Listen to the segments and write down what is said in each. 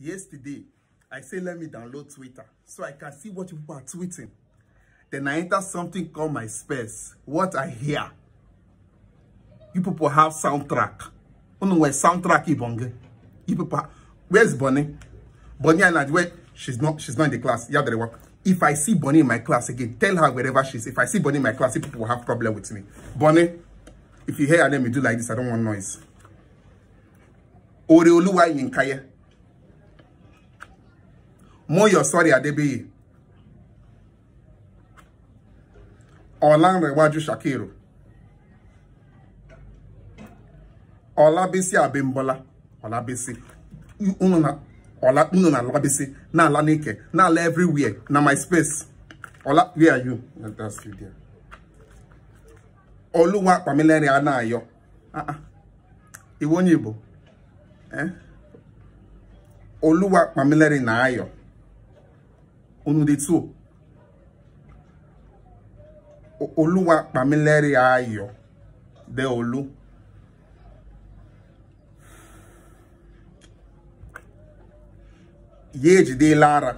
yesterday i say let me download twitter so i can see what people are tweeting then i enter something called my space what i hear you people have soundtrack unu where soundtrack ibonge you people where's bonnie bonnie island where she's not she's not in the class yeah very work. if i see bonnie in my class again tell her wherever she's. if i see bonnie in my class people will have problem with me bonnie if you hear her let me do like this i don't want noise Oreoluwa Yinkaye Moyosori Adebiyi Ọlanrewaju Shakiru Ọlabisi Abimbola Ọlabisi unu na Ọlabisi na-ala n'ike na-ala everywhere na my space Ọla where are you? That's you there. Oluwa Pamileri Anayo iwe onye Igbo eh? Oluwa Pamileri na-ayọ au nom de Tso. Olúwa pa De olu. ayọ̀ de lara.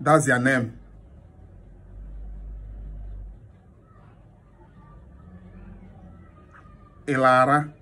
That's your name. Elara